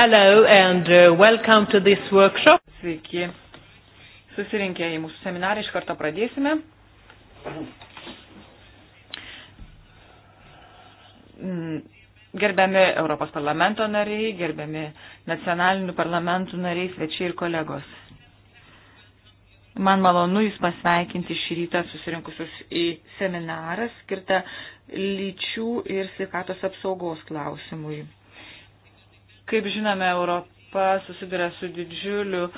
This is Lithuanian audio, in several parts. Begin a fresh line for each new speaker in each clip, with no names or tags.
Hello and uh, welcome to this workshop. Sveiki. Susirinkę į mūsų seminarą iš karto pradėsime. Mm, gerbiami Europos parlamento nariai, gerbiami nacionalinių parlamentų nariai, svečiai ir kolegos. Man malonu Jūs pasveikinti šį rytą susirinkusius į seminarą skirtą lyčių ir sveikatos apsaugos klausimui. Kaip žinome, Europa susiduria su didžiuliu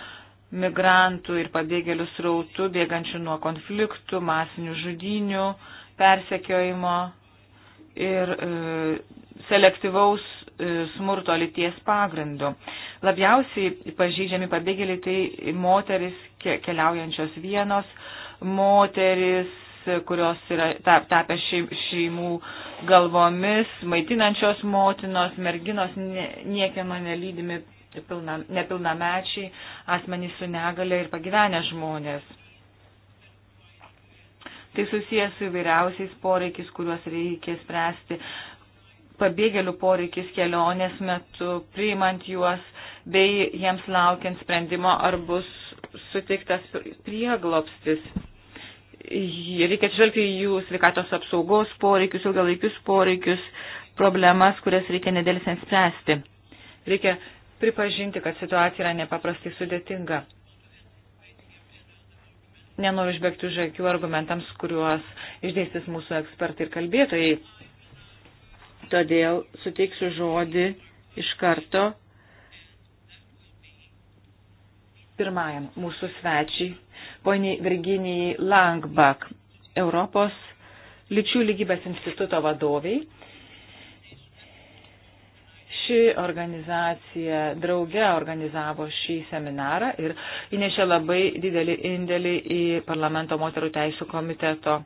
migrantų ir pabėgėlių srautu, bėgančių nuo konfliktų, masinių žudinių, persekiojimo ir e, selektyvaus e, smurto lyties pagrindu. Labiausiai pažydžiami pabėgėliai tai moteris keliaujančios vienos, moteris kurios yra tapę šeimų galvomis, maitinančios motinos, merginos, niekieno nelydimi pilna, nepilnamečiai, asmenys su negale ir pagyvenę žmonės. Tai susijęs su įvairiausiais poreikiais, kuriuos reikia spręsti, pabėgėlių poreikis kelionės metu, priimant juos, bei jiems laukiant sprendimo, ar bus suteiktas prieglopstis reikia atsižvelgti į jų sveikatos apsaugos poreikius, ilgalaikius poreikius, problemas, kurias reikia nedėlisiant spręsti. Reikia pripažinti, kad situacija yra nepaprastai sudėtinga. Nenoriu išbėgti už akių argumentams, kuriuos išdėstys mūsų ekspertai ir kalbėtojai. Todėl suteiksiu žodį iš karto pirmajam mūsų svečiai poniai Virginijai Langbak, Europos lyčių lygybės instituto vadoviai. Ši organizacija drauge organizavo šį seminarą ir įnešė labai didelį indėlį į parlamento moterų teisų komiteto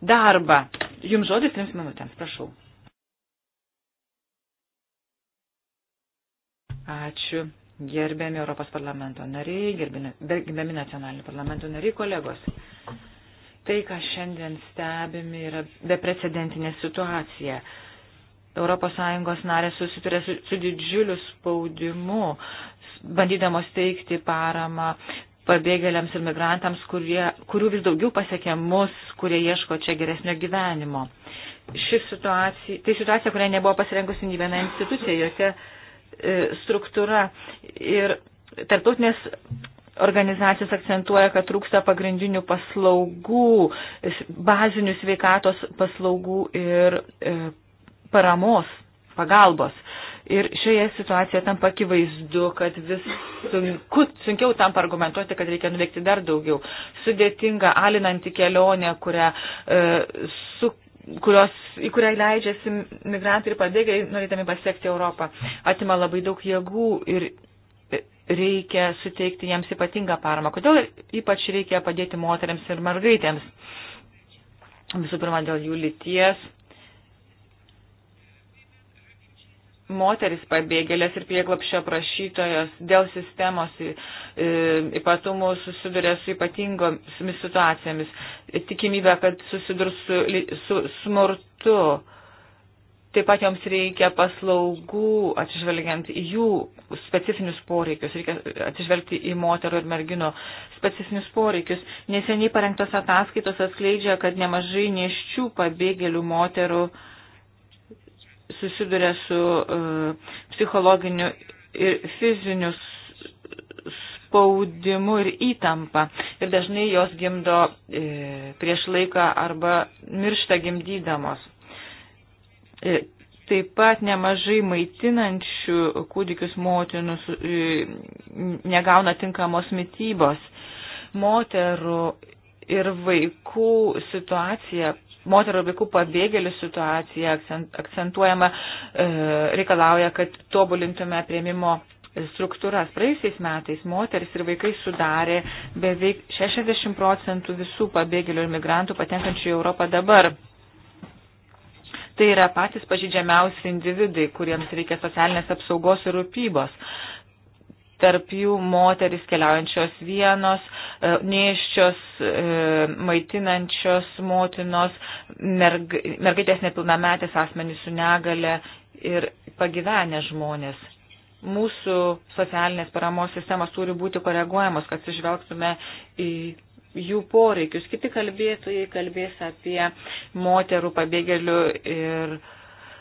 darbą. Jums žodis trims minutėms, prašau. Ačiū gerbiami Europos parlamento nariai, gerbiami nacionalinių parlamentų nariai, kolegos. Tai, ką šiandien stebimi, yra beprecedentinė situacija. ES narės susituria su, su didžiuliu spaudimu, bandydamos teikti paramą pabėgėliams ir migrantams, kurie, kurių vis daugiau pasiekia mus, kurie ieško čia geresnio gyvenimo. Ši situacija, tai situacija, kuriai nebuvo pasirengusi nei viena institucija, jokia E, struktūra. Ir tarptautinės organizacijos akcentuoja, kad trūksta pagrindinių paslaugų, bazinių sveikatos paslaugų ir e, paramos, pagalbos. Ir šioje situacijoje tampa akivaizdu, kad vis sunku, sunkiau tampa argumentuoti, kad reikia nuveikti dar daugiau. Sudėtinga, alinanti kelionė, kurią e, su, kurios, į kurią leidžiasi migrantai ir pabėgėliai, norėdami pasiekti Europą, atima labai daug jėgų ir reikia suteikti jiems ypatingą paramą. Kodėl ypač reikia padėti moteriams ir mergaitėms? Visų pirma, dėl jų lyties, moteris pabėgėlės ir prieglapščio prašytojos dėl sistemos e, e, ypatumų susiduria su ypatingomis situacijomis, tikimybė, kad susidurs su, su smurtu. Taip pat joms reikia paslaugų, atsižvelgiant į jų specifinius poreikius, reikia atsižvelgti į moterų ir merginų specifinius poreikius. Neseniai parengtos ataskaitos atskleidžia, kad nemažai neščių pabėgėlių moterų uh, susiduria su uh, psichologiniu ir fiziniu spaudimu ir įtampa. Ir dažnai jos gimdo e, prieš laiką arba miršta gimdydamos. E, taip pat nemažai maitinančių kūdikius motinų e, negauna tinkamos mytybos. Moterų ir vaikų situacija moterų ir vaikų pabėgėlių situacija akcentuojama, e, reikalauja, kad tobulintume prieimimo struktūras. Praėjusiais metais moteris ir vaikai sudarė beveik 60 procentų visų pabėgėlių ir migrantų patenkančių į Europą dabar. Tai yra patys pažydžiamiausi individai, kuriems reikia socialinės apsaugos ir rūpybos tarp jų moteris keliaujančios vienos, e, neiščios, e, maitinančios motinos, merg, mergaitės nepilnametės asmenys su negale ir pagyvenę žmonės. Mūsų socialinės paramos sistemos turi būti koreguojamos, kad sužvelgtume į jų poreikius. Kiti kalbėtojai kalbės apie moterų pabėgėlių ir uh,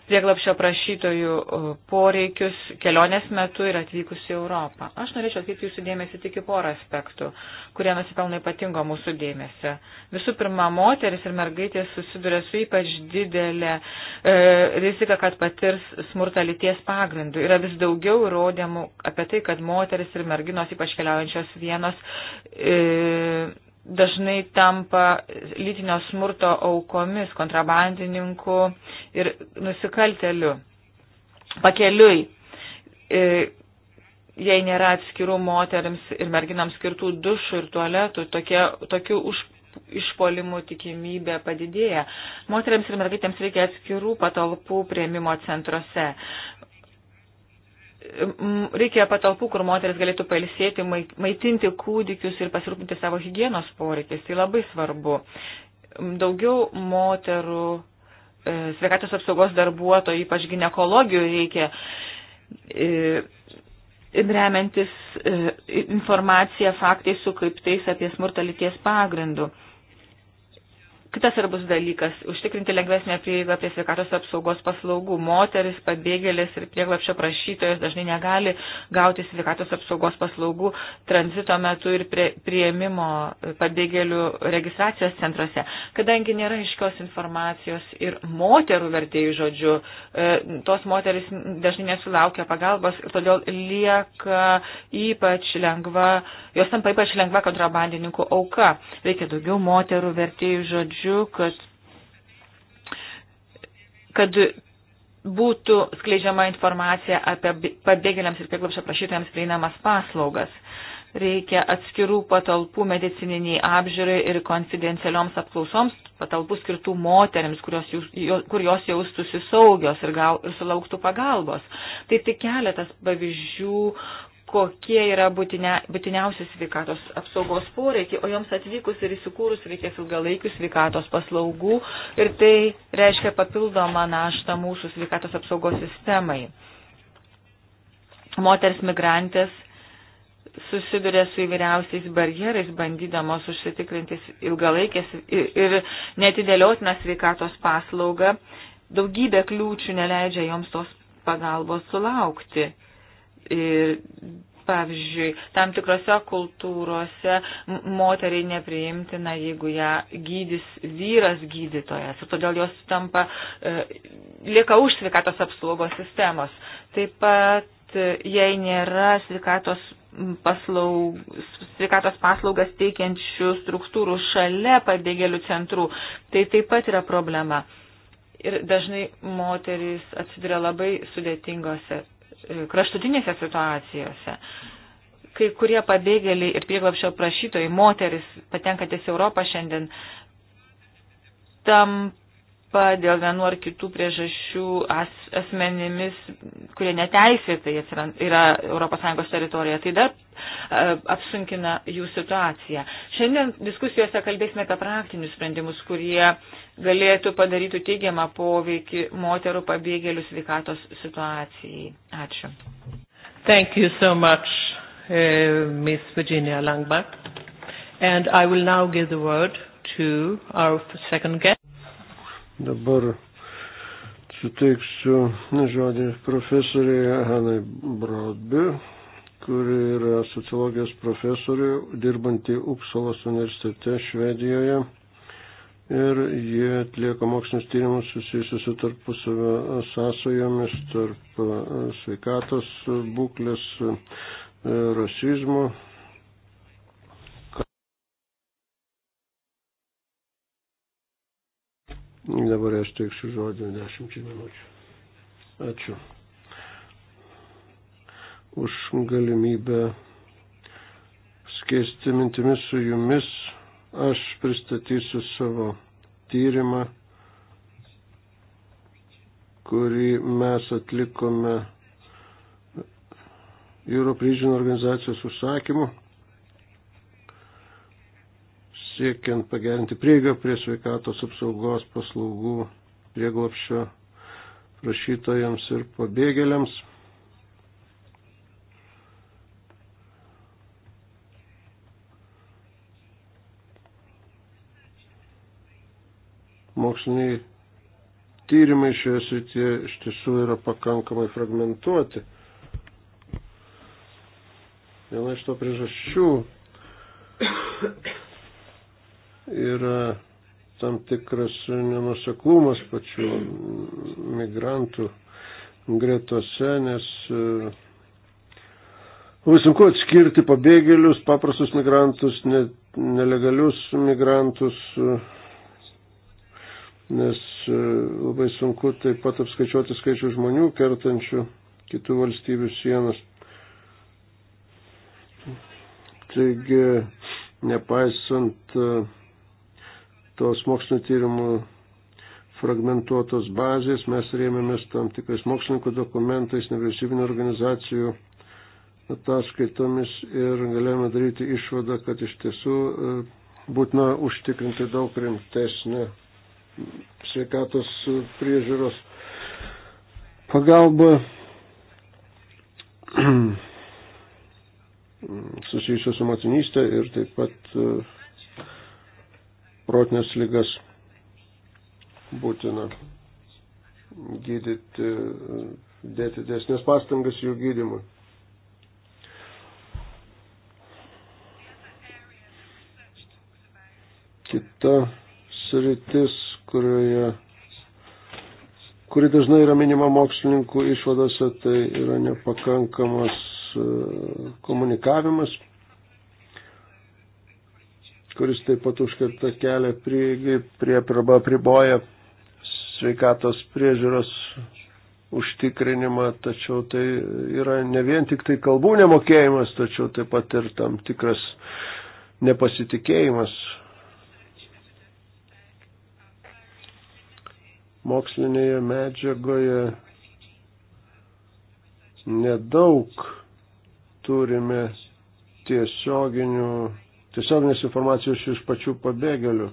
prieglapšio prašytojų e, poreikius kelionės metu ir atvykus į Europą. Aš norėčiau atkreipti jūsų dėmesį tik į porą aspektų, kurie nusipelno ypatingo mūsų dėmesio. Visų pirma, moteris ir mergaitės susiduria su ypač didelė e, rizika, kad patirs smurtą lyties pagrindų. Yra vis daugiau įrodymų apie tai, kad moteris ir merginos, ypač keliaujančios vienos, e, dažnai tampa lytinio smurto aukomis, kontrabandininku ir nusikalteliu. Pakeliui, e, jei nėra atskirų moteriams ir merginams skirtų dušų ir tualetų, tokie, tokių už, išpolimų tikimybė padidėja. Moteriams ir mergaitėms reikia atskirų patalpų prieimimo centruose reikia patalpų, kur moteris galėtų pailsėti, maitinti kūdikius ir pasirūpinti savo hygienos poreikis. Tai labai svarbu. Daugiau moterų e, sveikatos apsaugos darbuotojų, ypač gynekologijų reikia e, remiantis e, informaciją faktais su kaip tais apie smurtą lyties pagrindų. Kitas svarbus dalykas - užtikrinti lengvesnę prieigą prie sveikatos apsaugos paslaugų. Moteris, pabėgėlis ir prieglapšio prašytojas dažnai negali gauti sveikatos apsaugos paslaugų tranzito metu ir prie, prieimimo pabėgėlių registracijos centruose. Kadangi nėra iškios informacijos ir moterų vertėjų žodžių, e, tos moteris dažnai nesulaukia pagalbos ir todėl lieka ypač lengva, jos tampa ypač lengva kontrabandininkų auka. Reikia daugiau moterų vertėjų žodžių žodžiu, kad, kad būtų skleidžiama informacija apie pabėgėliams ir prieglapšio prašytojams prieinamas paslaugas. Reikia atskirų patalpų medicininiai apžiūrai ir konfidencialioms apklausoms, patalpų skirtų moteriams, kurios, jūs, kur jos jaustųsi saugios ir, gal, ir sulauktų pagalbos. Tai tik keletas pavyzdžių, kokie yra būtinia, būtiniausi sveikatos apsaugos poreikiai, o joms atvykus ir įsikūrus reikės ilgalaikių sveikatos paslaugų ir tai reiškia papildomą naštą mūsų sveikatos apsaugos sistemai. Moters migrantės susiduria su įvairiausiais barjerais, bandydamos užsitikrinti ilgalaikės ir netidėliotiną sveikatos paslaugą. Daugybė kliūčių neleidžia joms tos pagalbos sulaukti pavyzdžiui, tam tikrose kultūrose moteriai nepriimtina, jeigu ją gydys vyras gydytojas ir todėl jos tampa, e, lieka už sveikatos apsaugos sistemos. Taip pat, e, jei nėra sveikatos paslaug, sveikatos paslaugas teikiančių struktūrų šalia pabėgėlių centrų, tai taip pat yra problema. Ir dažnai moteris atsiduria labai sudėtingose kraštutinėse situacijose. Kai kurie pabėgėliai ir prieglapšio prašytojai, moteris patenkantis Europą šiandien, tam tampa dėl vienu ar kitų priežasčių as, asmenimis, kurie neteisėtai yra ES teritorijoje. Tai dar e, apsunkina jų situaciją. Šiandien diskusijose kalbėsime apie praktinius sprendimus, kurie galėtų padaryti teigiamą poveikį moterų pabėgėlių sveikatos situacijai.
Ačiū. Thank you so much, uh, eh, Ms. Virginia Langback. And I will now give the word to our second guest.
Dabar suteiksiu žodį profesoriai Hanai Brodbi, kuri yra sociologijos profesorė, dirbanti Upsalos universitete Švedijoje. Ir jie atlieka mokslinius tyrimus susijusius su tarpusavio sąsajomis, tarp sveikatos būklės, rasizmo Dabar aš teiksiu žodį 10 minučių. Ačiū už galimybę skėsti mintimis su jumis. Aš pristatysiu savo tyrimą, kurį mes atlikome Europe Region organizacijos užsakymu siekiant pagerinti prieigą prie sveikatos apsaugos paslaugų prieglapščio prašytojams ir pabėgėliams. Moksliniai tyrimai šioje srityje iš tiesų yra pakankamai fragmentuoti. Viena iš to priežasčių yra tam tikras nenuseklumas pačių migrantų gretose, nes e, labai sunku atskirti pabėgėlius, paprastus migrantus, ne, nelegalius migrantus, e, nes e, labai sunku taip pat apskaičiuoti skaičių žmonių kertančių kitų valstybių sienas. Taigi, nepaisant uh, tos mokslinio tyrimų fragmentuotos bazės, mes rėmėmės tam tikrais mokslininkų dokumentais, nevyriausybinio organizacijų ataskaitomis ir galėjome daryti išvadą, kad iš tiesų e, būtina užtikrinti daug rimtesnę sveikatos priežiūros pagalbą susijusios su motinystė ir taip pat e, protinės lygas būtina gydyti, dėti dėsnės pastangas jų gydimui. Kita sritis, kurioje, kuri dažnai yra minima mokslininkų išvadose, tai yra nepakankamas e, komunikavimas kuris taip pat užkerta kelią prie, prie arba priboja sveikatos priežiūros užtikrinimą, tačiau tai yra ne vien tik tai kalbų nemokėjimas, tačiau taip pat ir tam tikras nepasitikėjimas mokslinėje medžiagoje nedaug turime tiesioginių tiesioginės informacijos iš pačių pabėgėlių.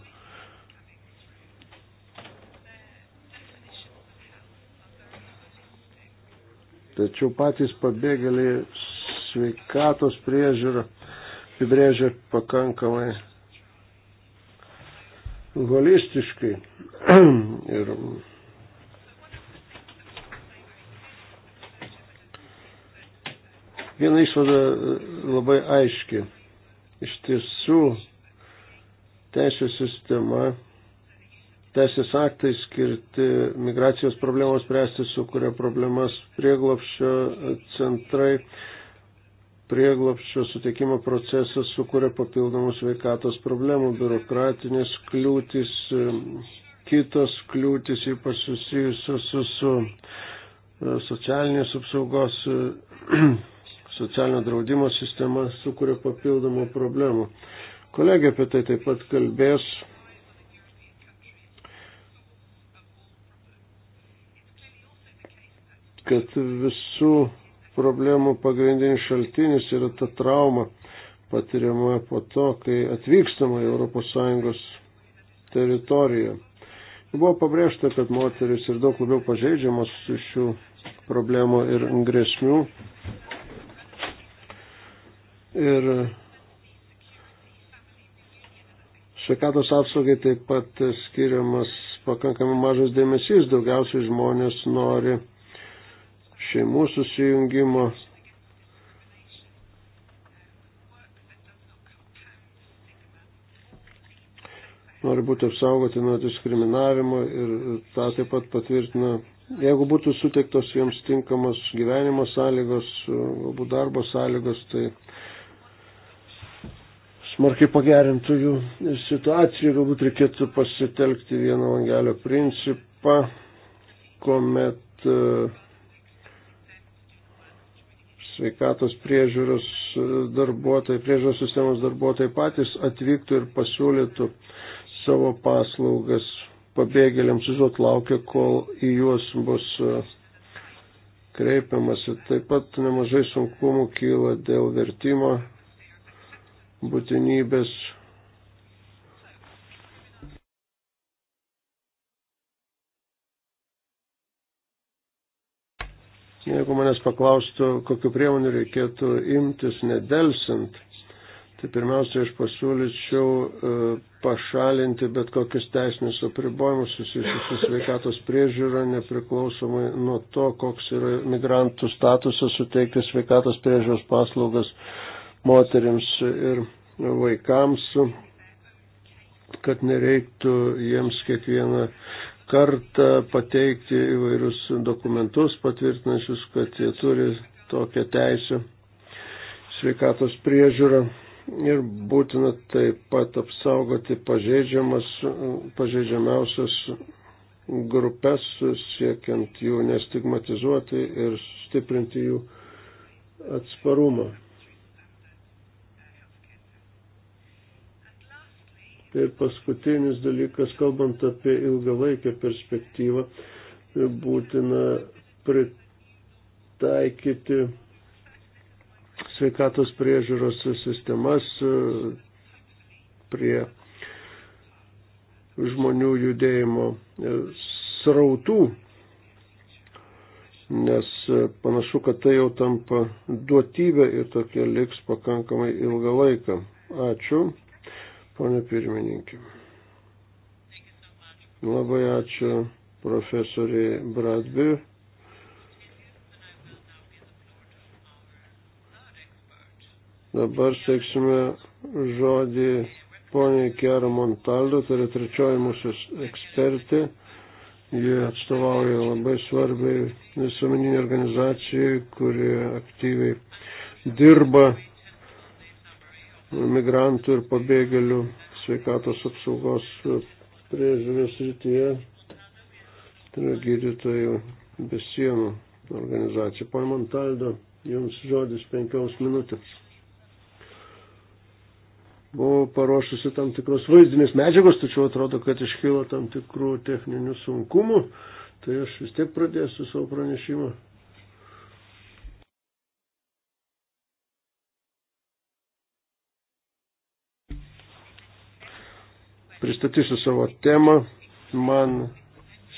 Tačiau patys pabėgėliai sveikatos priežiūrą apibrėžia pakankamai holistiškai. ir viena išvada labai aiški. Iš tiesų, teisės sistema, teisės aktai skirti migracijos problemos spręsti, sukuria problemas prieglopščio centrai, prieglopščio suteikimo procesas sukuria papildomus veikatos problemų, biurokratinės kliūtis, kitos kliūtis ypač susijusios su, su socialinės apsaugos socialinio draudimo sistema sukuria papildomų problemų. Kolegė apie tai taip pat kalbės. kad visų problemų pagrindinis šaltinis yra ta trauma patiriama po to, kai atvykstama į ES teritoriją. Buvo pabrėžta, kad moteris ir daug labiau pažeidžiamas iš šių problemų ir grėsmių ir sveikatos apsaugai taip pat skiriamas pakankamai mažas dėmesys, daugiausiai žmonės nori šeimų susijungimo. Nori būti apsaugoti nuo diskriminavimo ir tą taip pat patvirtina, jeigu būtų suteiktos jiems tinkamos gyvenimo sąlygos, galbūt darbo sąlygos, tai smarkiai pagerintų jų situaciją. Galbūt reikėtų pasitelkti vieno langelio principą, kuomet e, sveikatos priežiūros darbuotojai, priežiūros sistemos darbuotojai patys atvyktų ir pasiūlytų savo paslaugas pabėgėliams, užuot laukia, kol į juos bus e, kreipiamasi. Taip pat nemažai sunkumų kyla dėl vertimo būtinybės Jeigu manęs paklaustų, kokiu priemonių reikėtų imtis nedelsint, tai pirmiausia, aš pasiūlyčiau e, pašalinti bet kokius teisinius apribojimus susijusius su sveikatos priežiūra, nepriklausomai nuo to, koks yra migrantų statusas suteikti sveikatos priežiūros paslaugas moteriams ir vaikams, kad nereiktų jiems kiekvieną kartą pateikti įvairius dokumentus patvirtinančius, kad jie turi tokią teisę sveikatos priežiūrą ir būtina taip pat apsaugoti pažeidžiamiausias grupės, siekiant jų nestigmatizuoti ir stiprinti jų atsparumą. Ir tai paskutinis dalykas, kalbant apie ilgalaikę perspektyvą, būtina pritaikyti sveikatos priežiūros sistemas e, prie žmonių judėjimo e, srautų, nes e, panašu, kad tai jau tampa duotybė ir tokia liks pakankamai ilgą laiką. Ačiū. Pone pirmininkė. Labai ačiū profesoriai Bradbiui. Dabar sėksime žodį poniai Kera Montaldo, tai yra trečioji mūsų ekspertė. Jie atstovauja labai svarbiai visuomeninį organizacijai, kuri aktyviai dirba migrantų ir pabėgėlių sveikatos apsaugos priežiūros rytyje. Tai yra gydytojų be sienų organizacija. Pane Montaldo, jums žodis penkiaus minutės. Buvau paruošusi tam tikros vaizdinės medžiagos, tačiau atrodo, kad iškilo tam tikrų techninių sunkumų. Tai aš vis tiek pradėsiu savo pranešimą pristatysiu savo temą. Man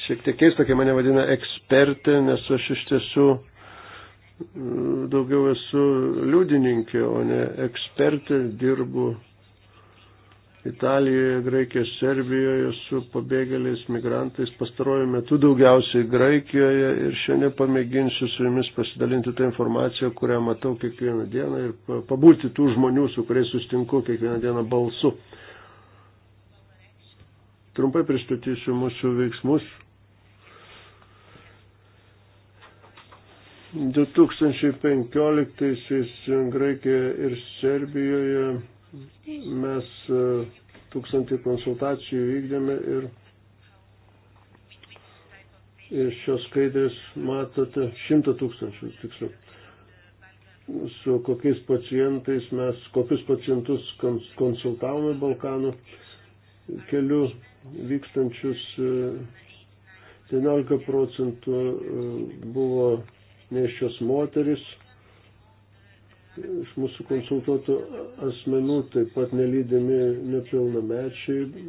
šiek tiek keista, kai mane vadina ekspertė, nes aš iš tiesų mm, daugiau esu liudininkė, o ne ekspertė, dirbu Italijoje, Graikijoje, Serbijoje su pabėgėliais, migrantais, pastaruoju metu daugiausiai Graikijoje ir šiandien pamėginsiu su jumis pasidalinti tą informaciją, kurią matau kiekvieną dieną ir pabūti tų žmonių, su kuriais sustinku kiekvieną dieną balsu. Trumpai pristatysiu mūsų veiksmus. 2015-aisiais Graikijoje ir Serbijoje mes e, tūkstantį konsultacijų vykdėme ir iš šios skaidrės matote šimtą tūkstančių tiksliau su kokiais pacientais mes, kokius pacientus konsultavome Balkanų keliu vykstančius 19 e, procentų e, buvo neščios moteris. Iš mūsų konsultuotų asmenų taip pat nelydimi nepilnamečiai,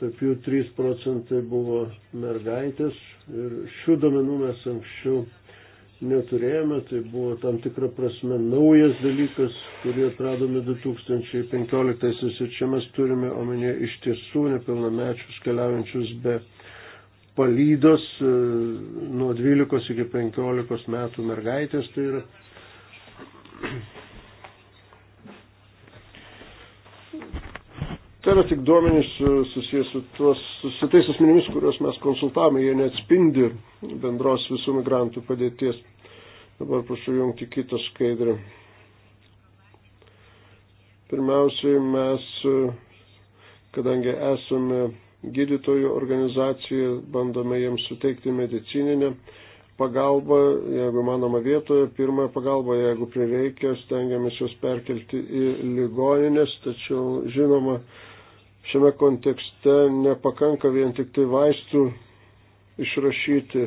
tarp jų 3 procentai buvo mergaitės ir šių domenų mes anksčiau neturėjome, tai buvo tam tikra prasme naujas dalykas, kurį atradome 2015 ir čia mes turime omenyje iš tiesų nepilnamečius keliaujančius be palydos e, nuo 12 iki 15 metų mergaitės tai yra. Tai yra tik duomenys e, susijęs su, tuos, su tais asmenimis, kuriuos mes konsultavome, jie neatspindi bendros visų migrantų padėties. Dabar prašau jungti kitą skaidrę. Pirmiausiai mes, e, kadangi esame gydytojų organizacija, bandome jiems suteikti medicininę pagalbą, jeigu manoma vietoje, pirmąją pagalbą, jeigu prireikia, stengiamės juos perkelti į ligoninės, tačiau žinoma, Šiame kontekste nepakanka vien tik tai vaistų išrašyti,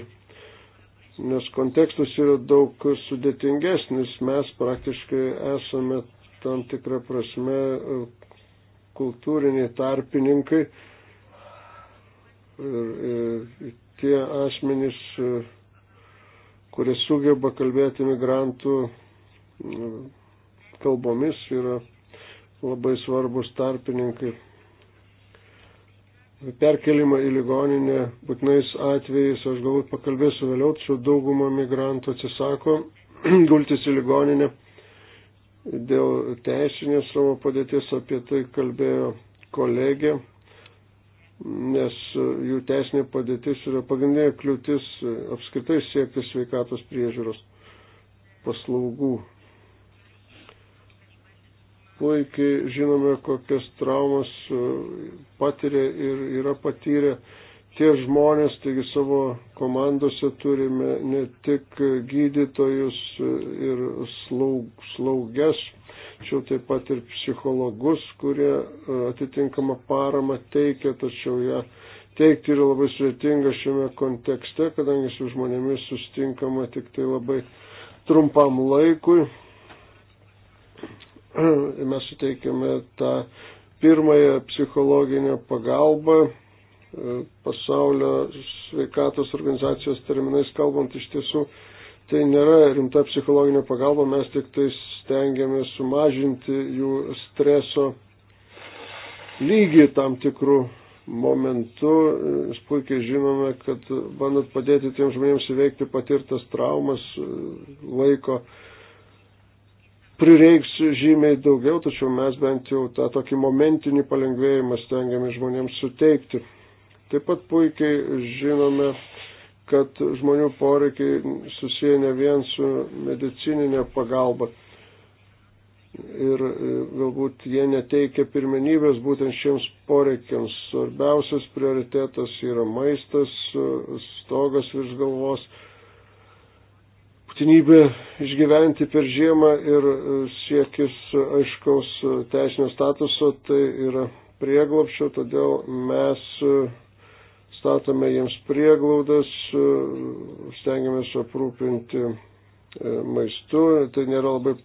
nes kontekstas yra daug sudėtingesnis. Mes praktiškai esame tam tikrą prasme kultūriniai tarpininkai ir, ir tie asmenys, kurie sugeba kalbėti migrantų kalbomis, yra labai svarbus tarpininkai perkelimą į ligoninę būtinais atvejais, aš galbūt pakalbėsiu vėliau, tačiau dauguma migrantų atsisako gultis į ligoninę dėl teisinės savo padėties, apie tai kalbėjo kolegė, nes jų teisinė padėtis yra pagrindinė kliūtis apskritai siekti sveikatos priežiūros paslaugų puikiai žinome, kokias traumas e, patiria ir yra patyrę tie žmonės, taigi savo komandose turime ne tik gydytojus e, ir slaug, slauges, tačiau taip pat ir psichologus, kurie e, atitinkamą paramą teikia, tačiau ją teikti yra labai sudėtinga šiame kontekste, kadangi su žmonėmis sustinkama tik tai labai trumpam laikui. mes suteikiame tą pirmąją psichologinę pagalbą e, pasaulio sveikatos organizacijos terminais kalbant iš tiesų tai nėra rimta psichologinė pagalba, mes tik tai stengiamės sumažinti jų streso lygį tam tikrų momentu. Mes puikiai žinome, kad bandant padėti tiem žmonėms įveikti patirtas traumas e, laiko prireiks žymiai daugiau, tačiau mes bent jau tą tokį momentinį palengvėjimą stengiamės žmonėms suteikti. Taip pat puikiai žinome, kad žmonių poreikiai susiję ne vien su medicininė pagalba. Ir e, galbūt jie neteikia pirmenybės būtent šiems poreikiams. Svarbiausias prioritetas yra maistas, stogas virš galvos būtinybė išgyventi per žiemą ir e, siekis aiškaus e, teisinio statuso, tai yra prieglopščio, todėl mes e, statome jiems prieglaudas, stengiamės aprūpinti maistu. Tai nėra labai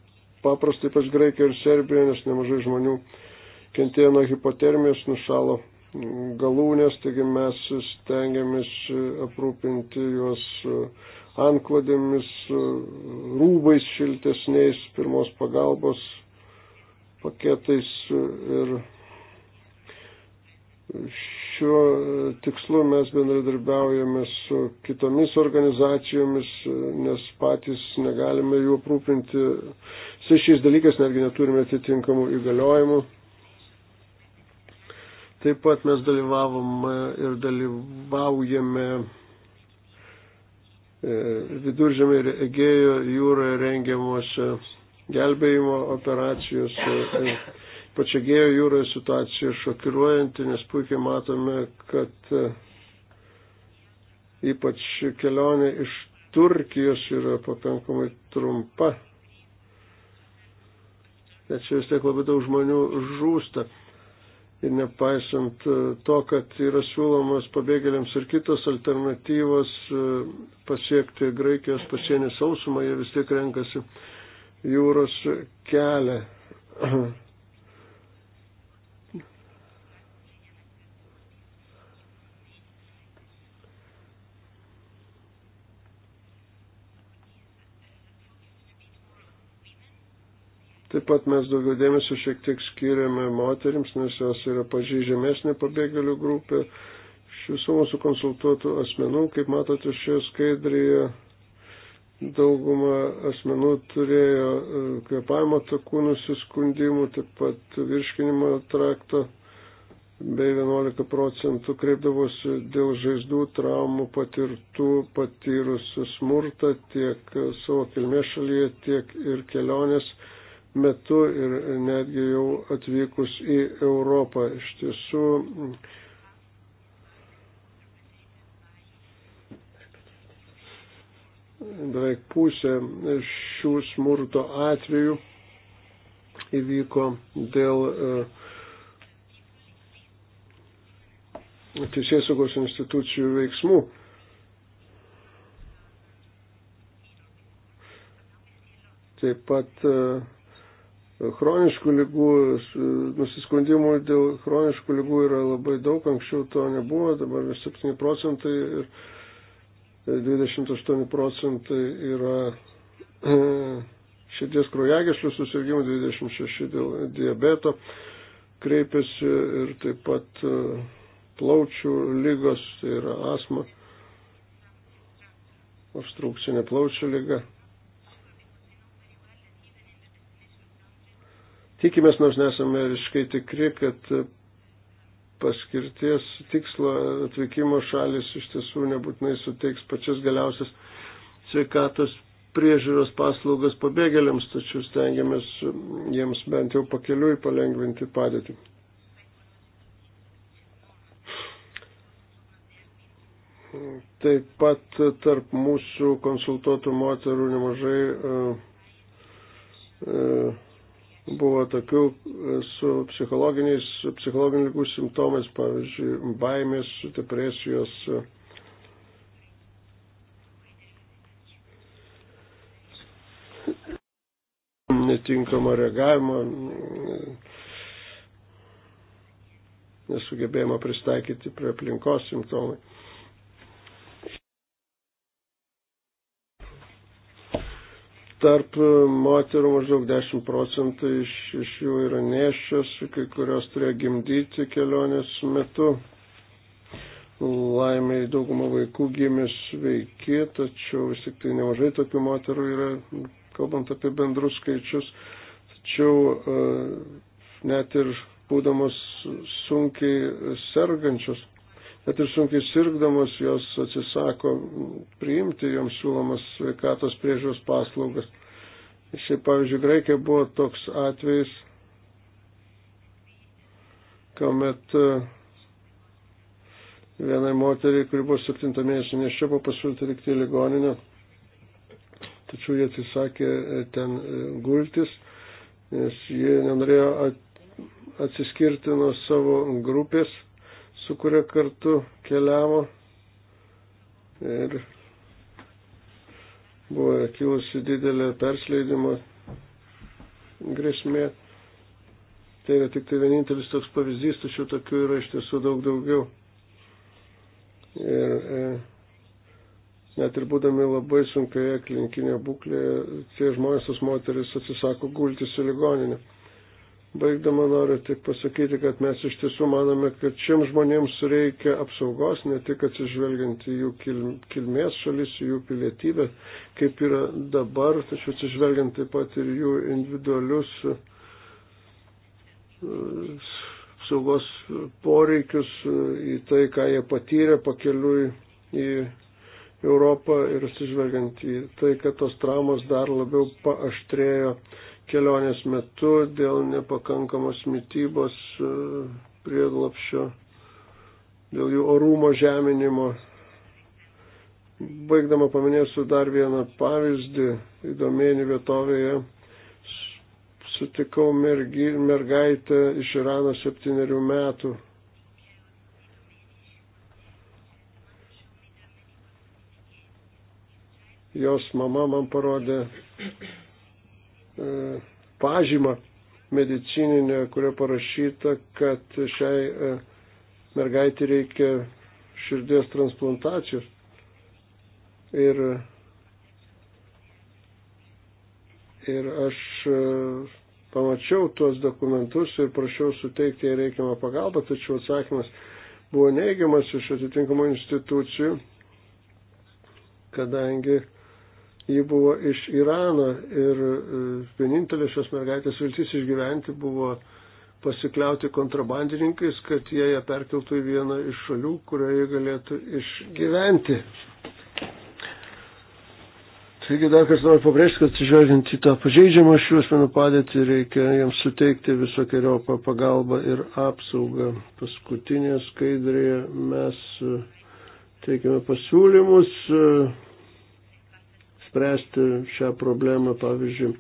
paprasta, ypač Graikija ir Serbija, nes nemažai žmonių kentėjo nuo hipotermijos, nušalo galūnės, taigi mes stengiamės aprūpinti juos antklodėmis, rūbais šiltesniais, pirmos pagalbos paketais ir šiuo tikslu mes bendradarbiaujame su kitomis organizacijomis, nes patys negalime jų aprūpinti. Su šiais dalykais netgi neturime atitinkamų įgaliojimų. Taip pat mes dalyvavome ir dalyvaujame E, viduržėmė ir Egėjo jūroje rengiamos gelbėjimo operacijos. E, ypač Egėjo jūroje situacija šokiruojanti, nes puikiai matome, kad e, ypač kelionė iš Turkijos yra pakankamai trumpa. Tačiau vis tiek labai daug žmonių žūsta ir nepaisant e, to, kad yra siūlomas pabėgėliams ir kitos alternatyvos e, pasiekti Graikijos pasienį sausumą, jie vis tiek renkasi jūros kelią. Taip pat mes daugiau dėmesio šiek tiek skiriame moterims, nes jos yra pažydžiamesnė pabėgėlių grupė. Iš visų mūsų konsultuotų asmenų, kaip matote šioje skaidrėje, dauguma asmenų turėjo e, kvepavimo takų nusiskundimų, taip pat virškinimo trakto bei 11 procentų kreipdavosi dėl žaizdų, traumų patirtų, patyrus smurtą tiek savo kilmės šalyje, tiek ir kelionės metu ir netgi jau atvykus į Europą. Iš tiesų, beveik pusė šių smurto atvejų įvyko dėl e, teisėsaugos institucijų veiksmų. Taip pat uh, chroniškų lygų, nusiskundimų dėl chroniškų lygų yra labai daug, anksčiau to nebuvo, dabar 7 procentai ir 28 e, procentai yra širdies kraujagėslių susirgymų, 26 dėl diabeto kreipiasi ir taip pat e, plaučių lygos, tai yra asma, obstrukcinė plaučių lyga. Tikimės, nors nesame visiškai tikri, kad paskirties tikslo atvykimo šalis iš tiesų nebūtinai suteiks pačias galiausias sveikatos priežiūros paslaugas pabėgėliams, tačiau stengiamės jiems bent jau pakeliui palengvinti padėtį. Taip pat tarp mūsų konsultuotų moterų nemažai uh, uh, buvo tokių e, su psichologiniais, psichologinių lygų simptomais, pavyzdžiui, baimės, depresijos. E. netinkamo reagavimo, nesugebėjimo pristaikyti prie aplinkos simptomai. tarp moterų maždaug 10 procentų iš, iš jų yra neščios, kai kurios turėjo gimdyti kelionės metu. Laimiai dauguma vaikų gimė sveiki, tačiau vis tik tai nemažai tokių moterų yra, kalbant apie bendrus skaičius. Tačiau e, net ir būdamos sunkiai sergančios net ir sunkiai sirgdamos jos atsisako priimti joms siūlomas sveikatos priežiūros paslaugas. Šiaip, pavyzdžiui, Graikija buvo toks atvejis, kuomet e, vienai moteriai, kuri buvo 7 mėnesį neščia, buvo pasiūlyti likti į ligoninę, tačiau jie atsisakė e, ten e, gultis, nes jie nenorėjo atsiskirti nuo savo grupės su kuria kartu keliavo ir buvo kilusi didelė persleidimo grėsmė. Tai yra tik tai vienintelis toks pavyzdys, tačiau tokių yra iš tiesų daug daugiau. Ir e, net ir būdami labai sunkioje klinikinėje būklėje, tie žmonės, tas moteris atsisako gultis į ligoninę. Baigdama noriu tik pasakyti, kad mes iš tiesų manome, kad šiems žmonėms reikia apsaugos, ne tik atsižvelgiant į jų kilmės šalis, į jų pilietybę, kaip yra dabar, tačiau atsižvelgiant taip pat ir jų individualius apsaugos uh, poreikius, uh, į tai, ką jie patyrė pakeliui į Europą ir atsižvelgiant į tai, kad tos traumos dar labiau paaštrėjo kelionės metu dėl nepakankamos mytybos e, prieglapščio, dėl jų orumo žeminimo. Baigdama paminėsiu dar vieną pavyzdį įdomėnį vietovėje. Sutikau mergi, mergaitę iš Irano septyniarių metų. Jos mama man parodė E, pažymą medicininę, kurio parašyta, kad šiai e, mergaitį reikia širdies transplantacijos. Ir, ir aš e, pamačiau tuos dokumentus ir prašiau suteikti jai reikiamą pagalbą, tačiau atsakymas buvo neigiamas iš atitinkamų institucijų, kadangi Ji buvo iš Irano ir e, vienintelė šios mergaitės viltis išgyventi buvo pasikliauti kontrabandininkais, kad jie ją perkeltų į vieną iš šalių, kurioje galėtų išgyventi. Taigi dar kas noriu pabrėžti, kad atsižvelgiant į tą pažeidžiamą šių asmenų padėtį, reikia jiems suteikti visokiojopą pagalbą ir apsaugą. Paskutinėje skaidrėje mes e, teikiame pasiūlymus e, spręsti šią problemą, pavyzdžiui,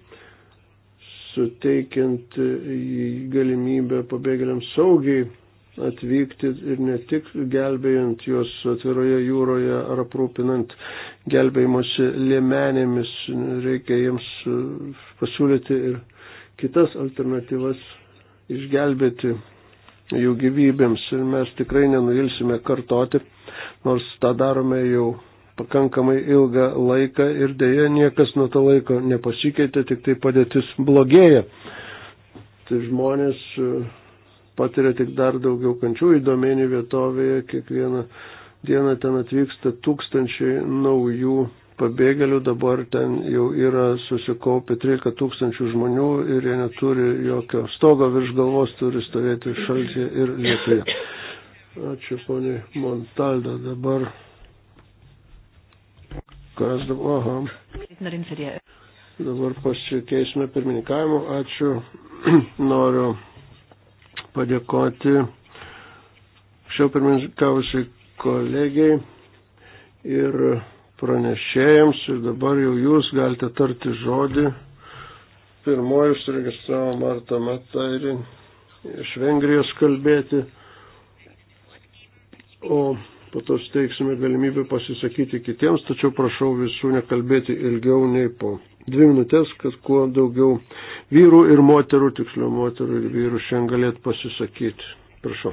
suteikiant galimybę pabėgėliams saugiai atvykti ir ne tik gelbėjant juos atviroje jūroje ar aprūpinant gelbėjimosi liemenėmis, reikia jiems pasiūlyti ir kitas alternatyvas išgelbėti jų gyvybėms ir mes tikrai nenuilsime kartoti, nors tą darome jau pakankamai ilgą laiką ir dėja niekas nuo to laiko nepasikeitė, tik tai padėtis blogėja. Tai žmonės e, patiria tik dar daugiau kančių įdomenį vietovėje, kiekvieną dieną ten atvyksta tūkstančiai naujų pabėgėlių, dabar ten jau yra susikaupę 13 tūkstančių žmonių ir jie neturi jokio stogo virš galvos, turi stovėti šaltyje ir lietuje. Ačiū poniai Montaldo, dabar Kas dabar? Aha. Dabar pasikeisime pirmininkavimu. Ačiū. Noriu padėkoti šiau pirmininkavusiai kolegiai ir pranešėjams. Ir dabar jau jūs galite tarti žodį. Pirmoji užsiregistravo Marta Matairi iš Vengrijos kalbėti. O po to steiksime galimybę pasisakyti kitiems, tačiau prašau visų nekalbėti ilgiau nei po dvi minutės, kad kuo daugiau vyrų ir moterų, tiksliau moterų ir vyrų šiandien galėtų pasisakyti. Prašau.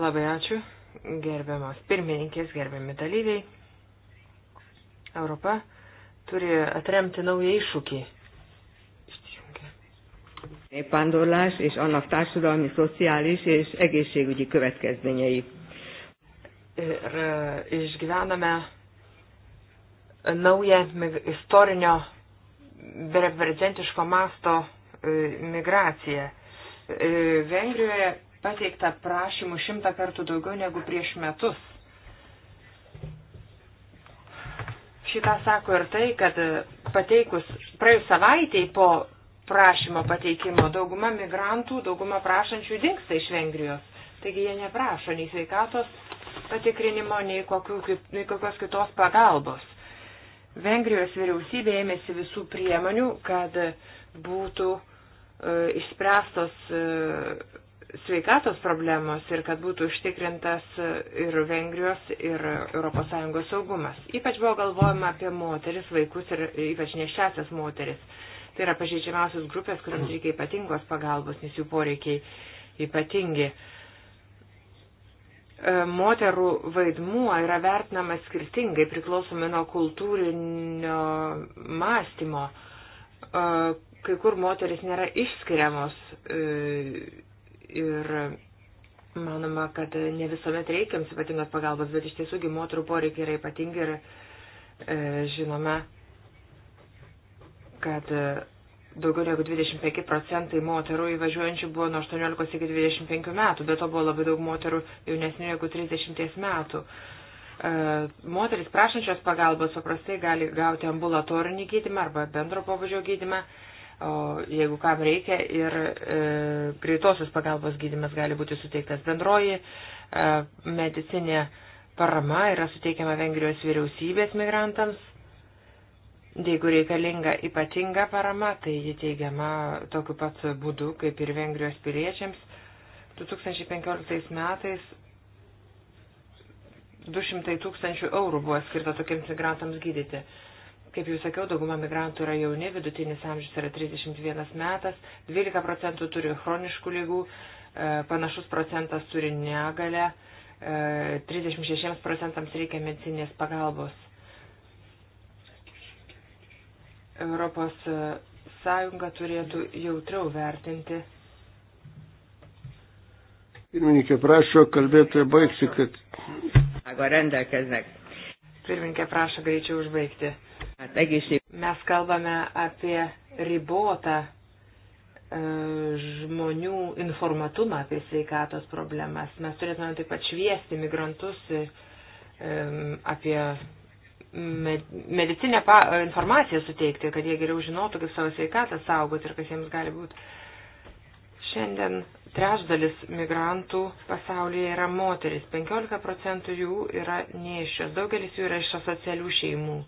Labai ačiū, gerbiamas pirmininkės, gerbiami dalyviai. Europa turi atremti naują iššūkį.
Pándorlás és annak társadalmi, szociális és egészségügyi következményei
ir e, išgyvename naują istorinio bereprezentiško masto e, migraciją. E, Vengrijoje pateikta prašymų šimtą kartų daugiau negu prieš metus. Šitą sako ir tai, kad pateikus praėjus savaitėj po prašymo pateikimo dauguma migrantų, dauguma prašančių dinksta iš Vengrijos. Taigi jie neprašo nei sveikatos patikrinimo, nei, kokių, nei kokios kitos pagalbos. Vengrijos vyriausybė ėmėsi visų priemonių, kad būtų e, išspręstos e, sveikatos problemos ir kad būtų užtikrintas e, ir Vengrijos, ir ES saugumas. Ypač buvo galvojama apie moteris, vaikus ir ypač nešesias moteris. Tai yra pažeidžiamiausios grupės, kuriams reikia ypatingos pagalbos, nes jų poreikiai ypatingi. E, E, moterų vaidmuo yra vertinamas skirtingai priklausomai nuo kultūrinio mąstymo. E, kai kur moteris nėra išskiriamos e, ir manoma, kad ne visuomet reikiams ypatingos pagalbos, bet iš tiesųgi moterų poreikiai yra ypatingi ir žinome, kad daugiau negu 25 procentai moterų įvažiuojančių buvo nuo 18 iki 25 metų, bet to buvo labai daug moterų jaunesnių negu 30 metų. E, moteris prašančios pagalbos paprastai gali gauti ambulatorinį gydimą arba bendro pobūdžio gydimą, o jeigu kam reikia ir e, greitosios pagalbos gydimas gali būti suteiktas. Bendroji e, medicinė parama yra suteikiama Vengrijos vyriausybės migrantams Jeigu reikalinga ypatinga parama, tai ji teigiama tokiu pat būdu, kaip ir Vengrijos piliečiams. 2015 metais 200 tūkstančių eurų buvo skirta tokiems migrantams gydyti. Kaip jau sakiau, dauguma migrantų yra jauni, vidutinis amžius yra 31 metas, 12 procentų turi chroniškų lygų, e, panašus procentas turi negalę, 36 e, procentams reikia medicinės pagalbos Europos Sąjunga turėtų jautriau vertinti.
Pirmininkė prašo kalbėtoje baigti, kad.
Agorenda, kazak. Pirmininkė prašo greičiau užbaigti. Taigi šiaip. Mes kalbame apie ribotą e, žmonių informatumą apie sveikatos problemas. Mes turėtume taip pat šviesti migrantus e, e, apie medicinę informaciją suteikti, kad jie geriau žinotų, kaip savo sveikatą saugoti ir kas jiems gali būti. Šiandien trečdalis migrantų pasaulyje yra moteris, 15 procentų jų yra neiššios, daugelis jų yra iš asocialių šeimų.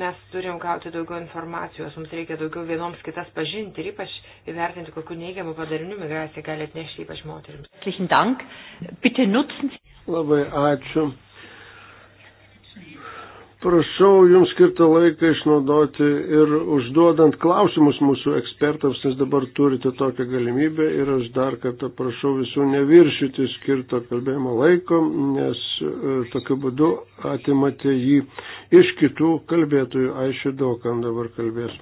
Mes turim gauti daugiau informacijos, mums reikia daugiau vienoms kitas pažinti ir ypač įvertinti, kokiu neigiamu padariniu migracija gali atnešti ypač moteriams.
Labai ačiū. Prašau Jums skirtą laiką išnaudoti ir užduodant klausimus mūsų ekspertams, nes dabar turite tokią galimybę ir aš dar kartą prašau visų neviršyti skirto kalbėjimo laiko, nes e, tokiu būdu atimate jį iš kitų kalbėtojų. Aišku, daug kam dabar kalbės.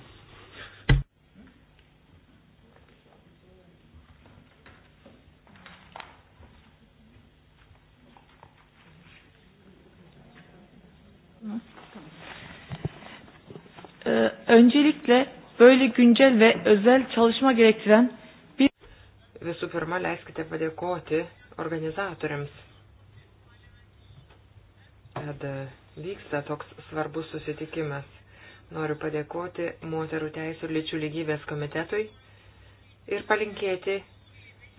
e, öncelikle böyle güncel ve özel çalışma gerektiren bir...
Visų pirma, leiskite padėkoti organizatoriams, kad vyksta toks svarbus susitikimas. Noriu padėkoti Moterų teisų ir lyčių lygybės komitetui ir palinkėti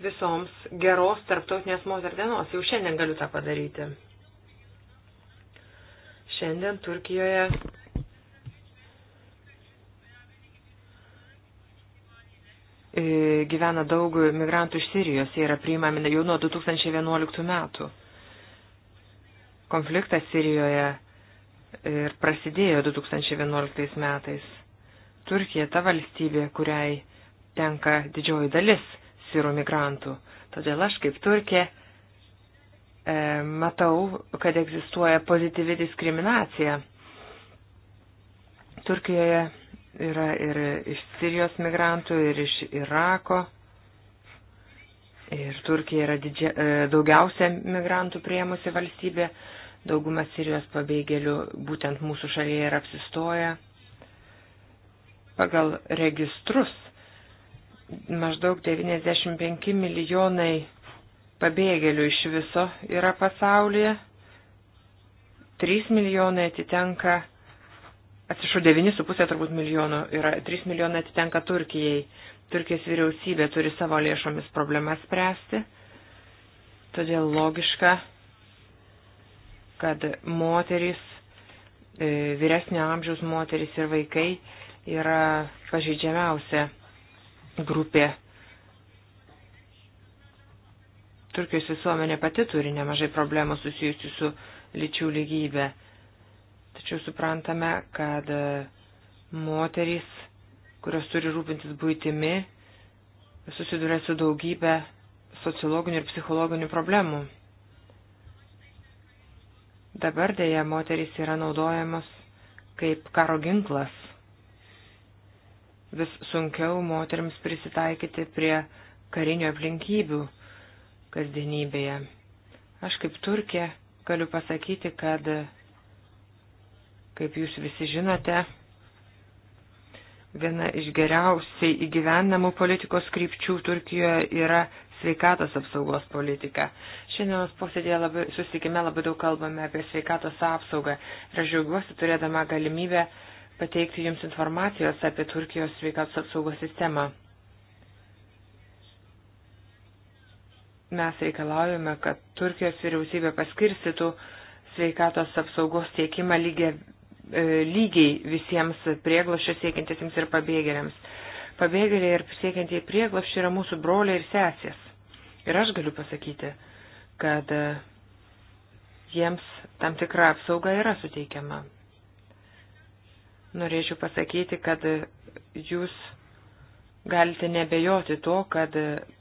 visoms geros tarptautinės moterų dienos. Jau šiandien galiu tą padaryti. Šiandien Turkijoje E, gyvena daug migrantų iš Sirijos, jie yra priimami jau nuo 2011 metų. Konfliktas Sirijoje e, ir prasidėjo 2011 metais. Turkija ta valstybė, kuriai tenka didžioji dalis sirų migrantų. Todėl aš kaip Turkija e, matau, kad egzistuoja pozityvi diskriminacija. Turkijoje Yra ir iš Sirijos migrantų, ir iš Irako. Ir Turkija yra didžia, e, daugiausia migrantų priemusi valstybė. Dauguma Sirijos pabėgėlių būtent mūsų šalyje ir apsistoja. Pagal registrus maždaug 95 milijonai pabėgėlių iš viso yra pasaulyje, 3 milijonai atitenka atsiprašau, 9,5 turbūt milijonų yra, 3 milijonai atitenka Turkijai. Turkijos vyriausybė turi savo lėšomis problemas spręsti, todėl logiška, kad moteris, e, vyresnio amžiaus moteris ir vaikai yra pažeidžiamiausia grupė. Turkijos visuomenė pati turi nemažai problemų susijusių su lyčių lygybė Tačiau suprantame, kad e, moterys, kurios turi rūpintis būtimi, susiduria su daugybė sociologinių ir psichologinių problemų. Dabar dėja moterys yra naudojamos kaip karo ginklas. Vis sunkiau moteriams prisitaikyti prie karinių aplinkybių kasdienybėje. Aš kaip turkė galiu pasakyti, kad Kaip jūs visi žinote, viena iš geriausiai įgyvenamų politikos krypčių Turkijoje yra sveikatos apsaugos politika. Šiandienos posėdėje labai, susitikime labai daug kalbame apie sveikatos apsaugą ir aš žiaugiuosi turėdama galimybę pateikti Jums informacijos apie Turkijos sveikatos apsaugos sistemą. Mes reikalaujame, kad Turkijos vyriausybė paskirstytų sveikatos apsaugos tiekimą lygiai E, lygiai visiems prieglašio siekiantiesiems ir pabėgėliams. Pabėgėliai ir siekiantieji prieglašio yra mūsų broliai ir sesės. Ir aš galiu pasakyti, kad e, jiems tam tikra apsauga yra suteikiama. Norėčiau pasakyti, kad e, jūs galite nebejoti to, kad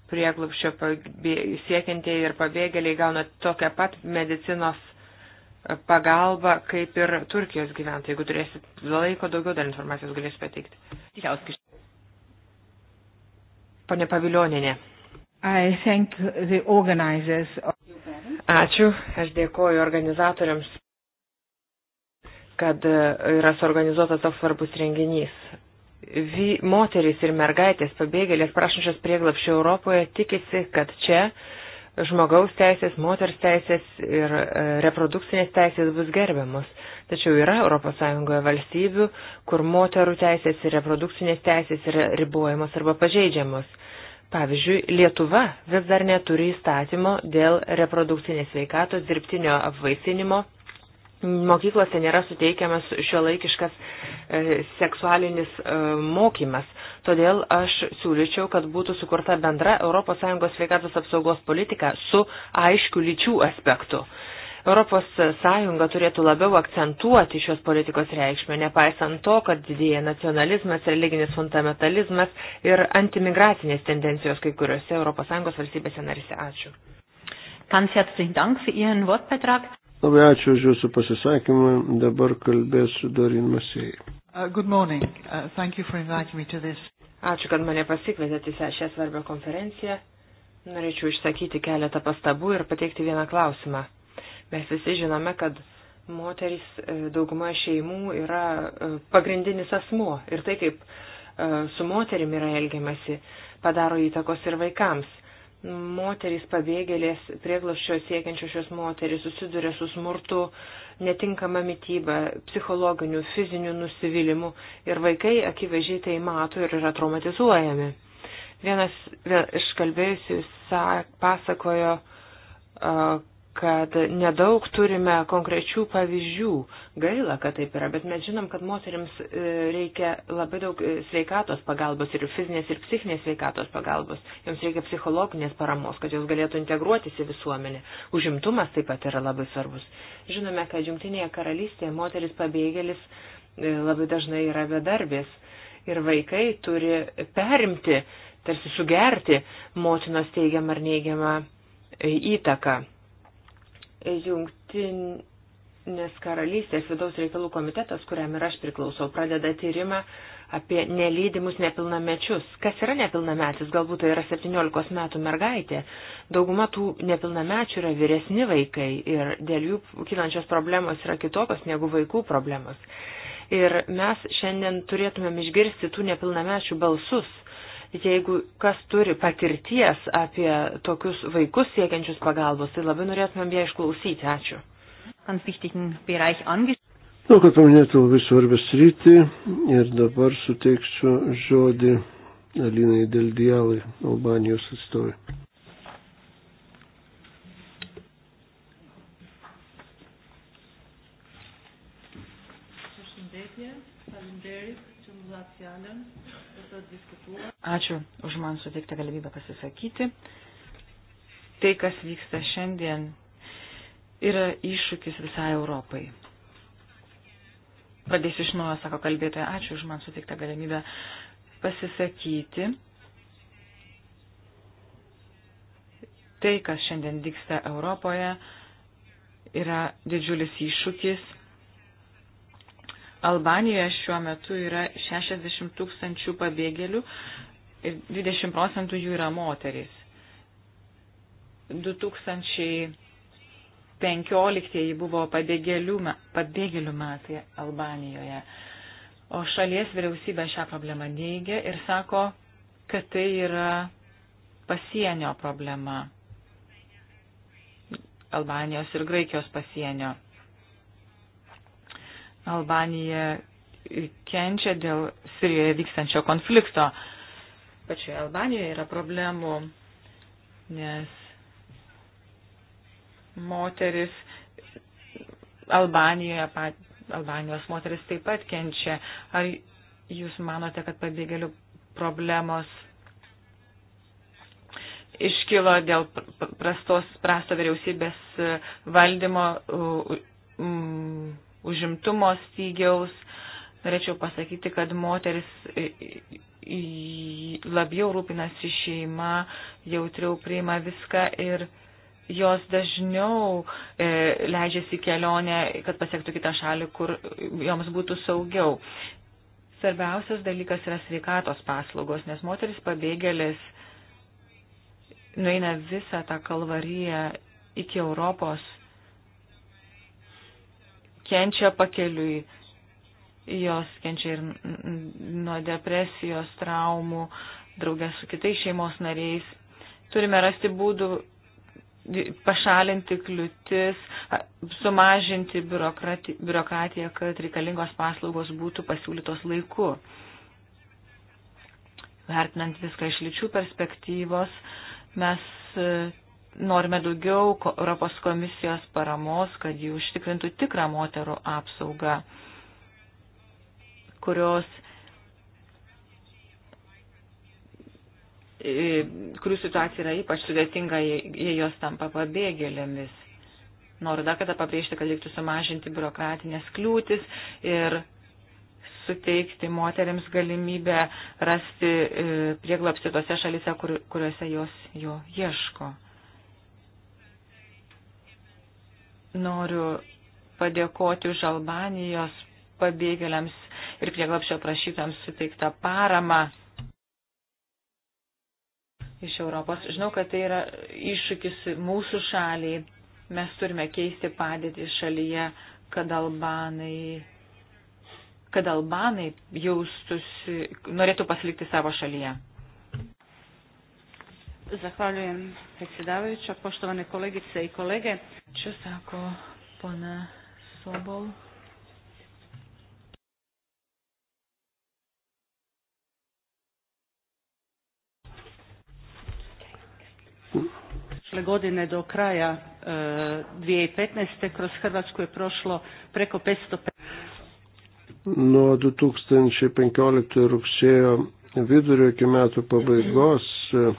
prieglupščio siekiantieji ir pabėgėliai gauna tokią pat medicinos pagalbą, kaip ir Turkijos gyventojai. Jeigu turėsit laiko, daugiau dar informacijos galėsiu pateikti. Pane Paviljoninė. Ačiū, aš dėkoju organizatoriams, kad e, yra suorganizuotas toks svarbus renginys. Vy, moterys ir mergaitės pabėgėlės prašančios prieglapščio Europoje tikisi, kad čia uh, žmogaus teisės, moters teisės ir e, reprodukcinės teisės bus gerbiamos. Tačiau yra ES valstybių, kur moterų teisės ir reprodukcinės teisės yra ribojamos arba pažeidžiamos. Pavyzdžiui, Lietuva vis dar neturi įstatymo dėl reprodukcinės veikatos dirbtinio apvaisinimo mokyklose nėra suteikiamas šiuolaikiškas e, seksualinis e, mokymas. Todėl aš siūlyčiau, kad būtų sukurta bendra ES sveikatos apsaugos politika su aiškiu lyčių aspektu. ES turėtų labiau akcentuoti šios politikos reikšmę, nepaisant to, kad didėja nacionalizmas, religinis fundamentalizmas ir antimigracinės tendencijos kai kuriuose ES valstybėse narise. Ačiū. Ganz herzlichen Dank für Ihren Wortbeitrag.
Labai ačiū už Jūsų pasisakymą. Dabar kalbėsiu Dorin Masėjai.
Uh, good morning. Uh, thank you for inviting me to this. Ačiū, kad mane pasikvietėte į šią svarbią konferenciją. Norėčiau išsakyti keletą pastabų ir pateikti vieną klausimą. Mes visi žinome, kad moteris e, dauguma šeimų yra e, pagrindinis asmuo ir tai, kaip e, su moterim yra elgiamasi, padaro įtakos ir vaikams moterys pabėgėlės prieglaščio siekiančios šios moterys susiduria su smurtu, netinkama mytyba, psichologiniu, fiziniu nusivylimu ir vaikai akivaizdžiai tai mato ir yra traumatizuojami. Vienas vėl, iš kalbėjusių pasakojo, kad nedaug turime konkrečių pavyzdžių. Gaila, kad taip yra, bet mes žinom, kad moteriams e, reikia labai daug e, sveikatos pagalbos ir fizinės ir psichinės sveikatos pagalbos. Joms reikia psichologinės paramos, kad jos galėtų integruotis į visuomenę. Užimtumas taip pat yra labai svarbus. Žinome, kad Junktinėje karalystėje moteris pabėgėlis e, labai dažnai yra bedarbės ir vaikai turi perimti, tarsi sugerti motinos teigiamą ar neigiamą įtaką Jungtinės karalystės vidaus reikalų komitetas, kuriam ir aš priklausau, pradeda tyrimą apie nelydimus nepilnamečius. Kas yra nepilnametis? Galbūt tai yra 17 metų mergaitė. Dauguma tų nepilnamečių yra vyresni vaikai ir dėl jų kylančios problemos yra kitokios negu vaikų problemos. Ir mes šiandien turėtumėm išgirsti tų nepilnamečių balsus jeigu kas turi patirties apie tokius vaikus siekiančius pagalbos, tai labai norėtumėm ją išklausyti. Ačiū.
Nu, kad paminėtų labai svarbę sritį ir dabar suteiksiu žodį Alinai Deldialai, Albanijos atstovai.
Ačiū už man suteiktą galimybę pasisakyti. Tai, kas vyksta šiandien, yra iššūkis visai Europai. Pradėsiu iš naujo, sako kalbėtoja, ačiū už man suteiktą galimybę pasisakyti. Tai, kas šiandien vyksta Europoje, yra didžiulis iššūkis Albanijoje šiuo metu yra 60 tūkstančių pabėgėlių ir 20 procentų jų yra moterys. 2015 buvo pabėgėlių, pabėgėlių metai Albanijoje, o šalies vyriausybė šią problemą neigia ir sako, kad tai yra pasienio problema. Albanijos ir Graikijos pasienio Albanija kenčia dėl Sirijoje vykstančio konflikto. Pačioje Albanijoje yra problemų, nes moteris Albanijoje, Albanijos moteris taip pat kenčia. Ar jūs manote, kad pabėgėlių problemos iškilo dėl prastos, prasto vyriausybės valdymo? Mm, užimtumo stygiaus. Norėčiau pasakyti, kad moteris labiau rūpinasi šeima, jautriau priima viską ir jos dažniau e, leidžiasi kelionę, kad pasiektų kitą šalį, kur joms būtų saugiau. Svarbiausias dalykas yra sveikatos paslaugos, nes moteris pabėgėlis nueina visą tą kalvariją iki Europos kenčia pakeliui. Jos kenčia ir nuo depresijos, traumų, draugės su kitais šeimos nariais. Turime rasti būdų pašalinti kliūtis, sumažinti biurokratiją, kad reikalingos paslaugos būtų pasiūlytos laiku. Vertinant viską iš lyčių perspektyvos, mes e, norime daugiau Europos komisijos paramos, kad jį užtikrintų tikrą moterų apsaugą, kurios kurių situacija yra ypač sudėtinga, jei jos tampa pabėgėlėmis. Noriu dar kada pabrėžti, kad reiktų sumažinti biurokratinės kliūtis ir suteikti moteriams galimybę rasti prieglapsi tose šalise, kur, kuriuose jos jo ieško. Noriu padėkoti už Albanijos pabėgėliams ir prieglapšio prašytams suteiktą paramą iš Europos. Žinau, kad tai yra iššūkis mūsų šaliai. Mes turime keisti padėtį šalyje, kad albanai, kad albanai jaustusi, norėtų pasilikti savo šalyje. Zahvaljujem predsjedavajuća, poštovane kolegice i kolege. Ću sako pona sobol. Prošle godine do kraja e, 2015. kroz Hrvatsku je prošlo preko 500...
Nuo 2015 rugsėjo vidurio iki metų pabaigos e,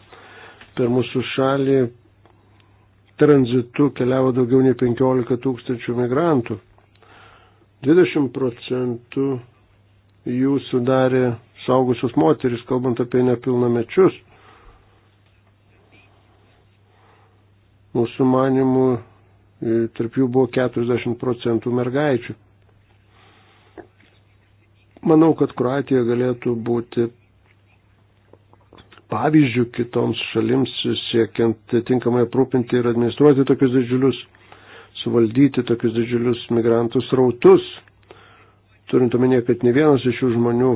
per mūsų šalį tranzitu keliavo daugiau nei 15 tūkstančių migrantų. 20 procentų jų sudarė saugusios moteris, kalbant apie nepilnamečius. Mūsų manimų e, tarp jų buvo 40 procentų mergaičių. Manau, kad Kroatija galėtų būti pavyzdžių kitoms šalims siekiant tinkamai aprūpinti ir administruoti tokius didžiulius, suvaldyti tokius didžiulius migrantus rautus, turint omenyje, kad ne vienas iš šių žmonių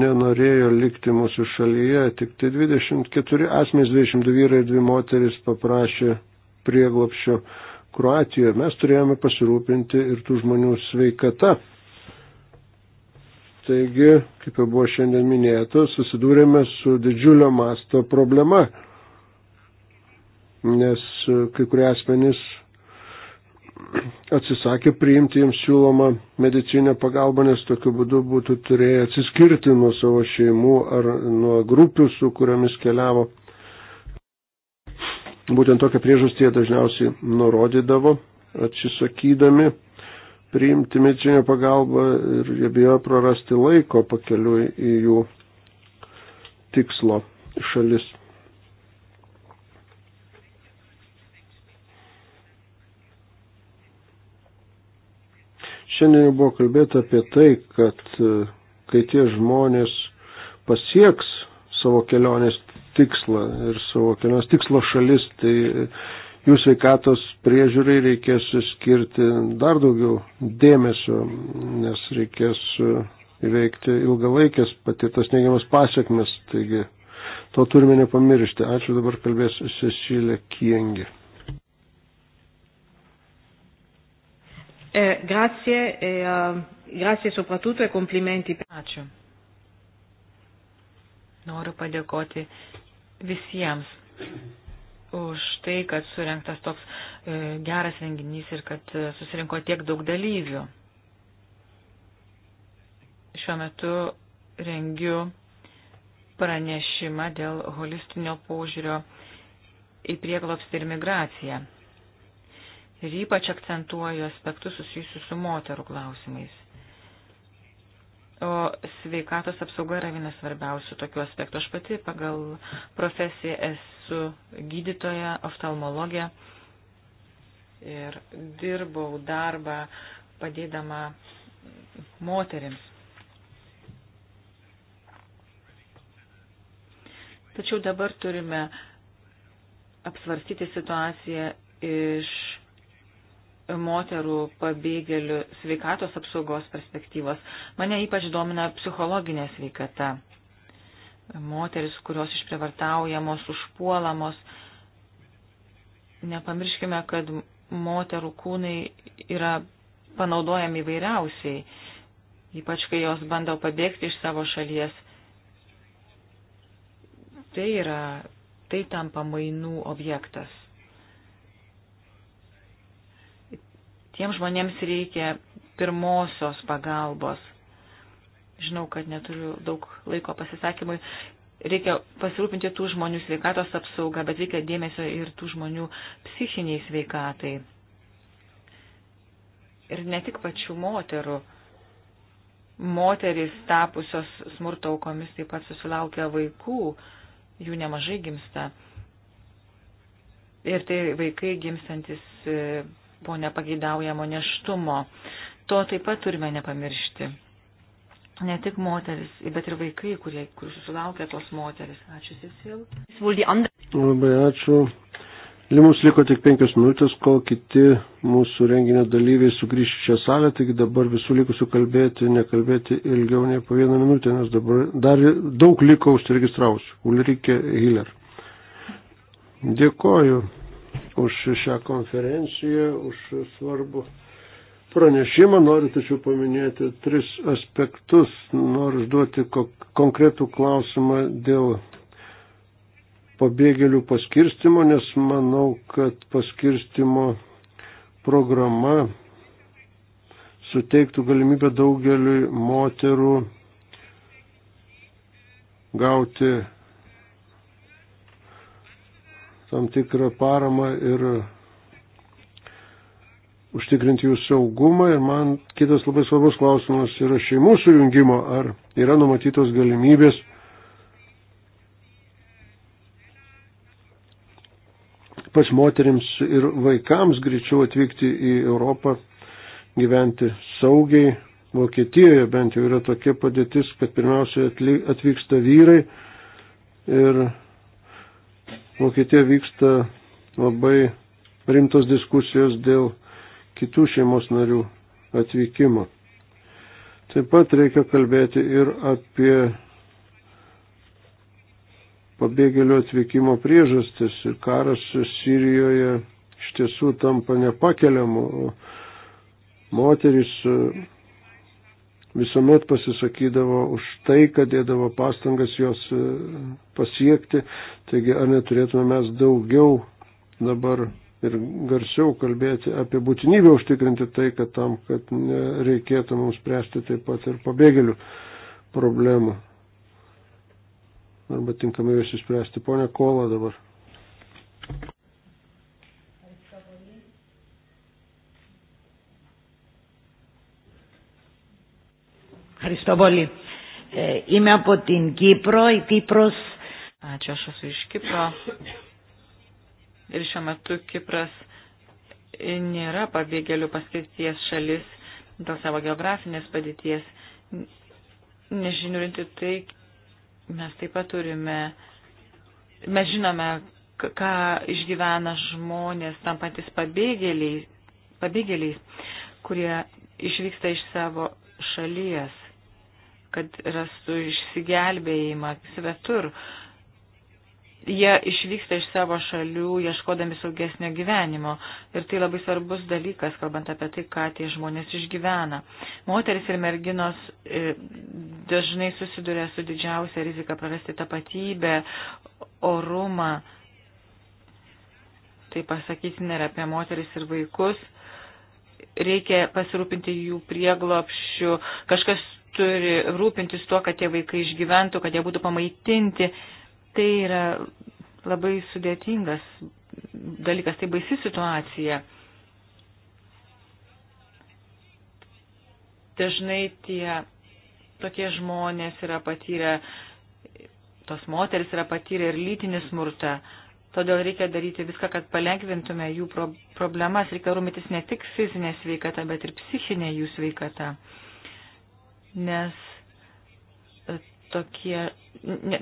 nenorėjo likti mūsų šalyje, tik tai 24 asmenys, 22 vyrai ir 2 moteris paprašė prieglopščio Kroatijoje. Mes turėjome pasirūpinti ir tų žmonių sveikata. Taigi, kaip jau buvo šiandien minėta, susidūrėme su didžiulio masto problema, nes kai kurie asmenys atsisakė priimti jiems siūlomą medicinę pagalbą, nes tokiu būdu būtų turėję atsiskirti nuo savo šeimų ar nuo grupių, su kuriamis keliavo. Būtent tokią priežastį dažniausiai nurodydavo, atsisakydami priimti medžinio pagalbą ir jie bijojo prarasti laiko pakeliui į jų tikslo šalis. Šiandien jau buvo kalbėta apie tai, kad e, kai tie žmonės pasieks savo kelionės tikslą ir savo kelionės tikslo šalis, tai e, jų sveikatos priežiūrai reikės skirti dar daugiau dėmesio, nes reikės įveikti ilgalaikės patirtas neigiamas pasiekmes. Taigi to turime nepamiršti. Ačiū dabar kalbės Cecilė Kiengi.
Eh, grazie, e, uh, grazie soprattutto e complimenti. Ačiū. Noriu padėkoti visiems už tai, kad surinktas toks e, geras renginys ir kad e, susirinko tiek daug dalyvių. Šiuo metu rengiu pranešimą dėl holistinio požiūrio į prieglobstį ir migraciją. Ir ypač akcentuoju aspektus susijusius su moterų klausimais. O sveikatos apsauga yra vienas svarbiausių tokių aspektų. Aš pati pagal profesiją esu gydytoja, oftalmologė ir dirbau darbą padėdama moterims. Tačiau dabar turime apsvarstyti situaciją iš moterų pabėgėlių sveikatos apsaugos perspektyvos. Mane ypač domina psichologinė sveikata. Moteris, kurios išprievartaujamos, užpuolamos. Nepamirškime, kad moterų kūnai yra panaudojami įvairiausiai, ypač kai jos bando pabėgti iš savo šalies. Tai yra, tai tampa mainų objektas. Tiems žmonėms reikia pirmosios pagalbos. Žinau, kad neturiu daug laiko pasisakymui. Reikia pasirūpinti tų žmonių sveikatos apsaugą, bet reikia dėmesio ir tų žmonių psichiniai sveikatai. Ir ne tik pačių moterų. Moterys tapusios smurto aukomis taip pat susilaukia vaikų, jų nemažai gimsta. Ir tai vaikai gimstantis e, po nepageidaujamo neštumo. To taip pat turime nepamiršti. Ne tik moteris, bet ir vaikai, kurie kur sulaukia tos moteris. Ačiū, Sisil.
Labai ačiū. Mums liko tik penkios minutės, kol kiti mūsų renginio dalyviai sugrįš čia salę, taigi dabar visų likusių kalbėti, nekalbėti ilgiau nei po vieną minutę, nes dabar dar daug liko užsiregistravusių. Ulrike Hiller. Dėkoju už šią konferenciją, už svarbų pranešimą. Noriu tačiau paminėti tris aspektus. Noriu užduoti konkretų klausimą dėl pabėgėlių paskirstimo, nes manau, kad paskirstimo programa suteiktų galimybę daugeliui moterų gauti tam tikrą paramą ir užtikrinti jų saugumą. Ir man kitas labai svarbus klausimas yra šeimų sujungimo, ar yra numatytos galimybės pas moteriams ir vaikams greičiau atvykti į Europą, gyventi saugiai. Vokietijoje bent jau yra tokia padėtis, kad pirmiausia atvyksta vyrai ir Vokietija vyksta labai rimtos diskusijos dėl kitų šeimos narių atvykimo. Taip pat reikia kalbėti ir apie pabėgėlių atvykimo priežastis. Karas Sirijoje iš tiesų tampa nepakeliamu. Moteris visuomet pasisakydavo už tai, kad dėdavo pastangas jos e, pasiekti. Taigi, ar neturėtume mes daugiau dabar ir garsiau kalbėti apie būtinybę užtikrinti tai, kad tam, kad reikėtų mums spręsti taip pat ir pabėgėlių problemų. Arba tinkamai juos išspręsti. Pone Kola dabar.
Ευχαριστώ πολύ. Ε, είμαι από την Κύπρο. Η Κύπρος... Ačiū, aš esu iš Kipro. Ir šiuo metu Kipras nėra pabėgėlių paskirties šalis dėl savo geografinės padėties. Nežiniūrinti tai, mes taip pat turime, mes žinome, ką išgyvena žmonės tampantis pabėgėliais, pabėgėliais kurie išvyksta iš savo šalies kad rastų išsigelbėjimą svetur. Jie išvyksta iš savo šalių, ieškodami saugesnio gyvenimo. Ir tai labai svarbus dalykas, kalbant apie tai, ką tie žmonės išgyvena. Moteris ir merginos e, dažnai susiduria su didžiausia rizika prarasti tapatybę, orumą. Tai pasakytina ir apie moteris ir vaikus reikia pasirūpinti jų prieglopščių, kažkas turi rūpintis tuo, kad tie vaikai išgyventų, kad jie būtų pamaitinti. Tai yra labai sudėtingas dalykas, tai baisi situacija. Dažnai tie tokie žmonės yra patyrę, tos moteris yra patyrę ir lytinį smurtą. Todėl reikia daryti viską, kad palengvintume jų pro problemas. Reikia rūmitis ne tik fizinė sveikata, bet ir psichinė jų sveikata nes e, tokie,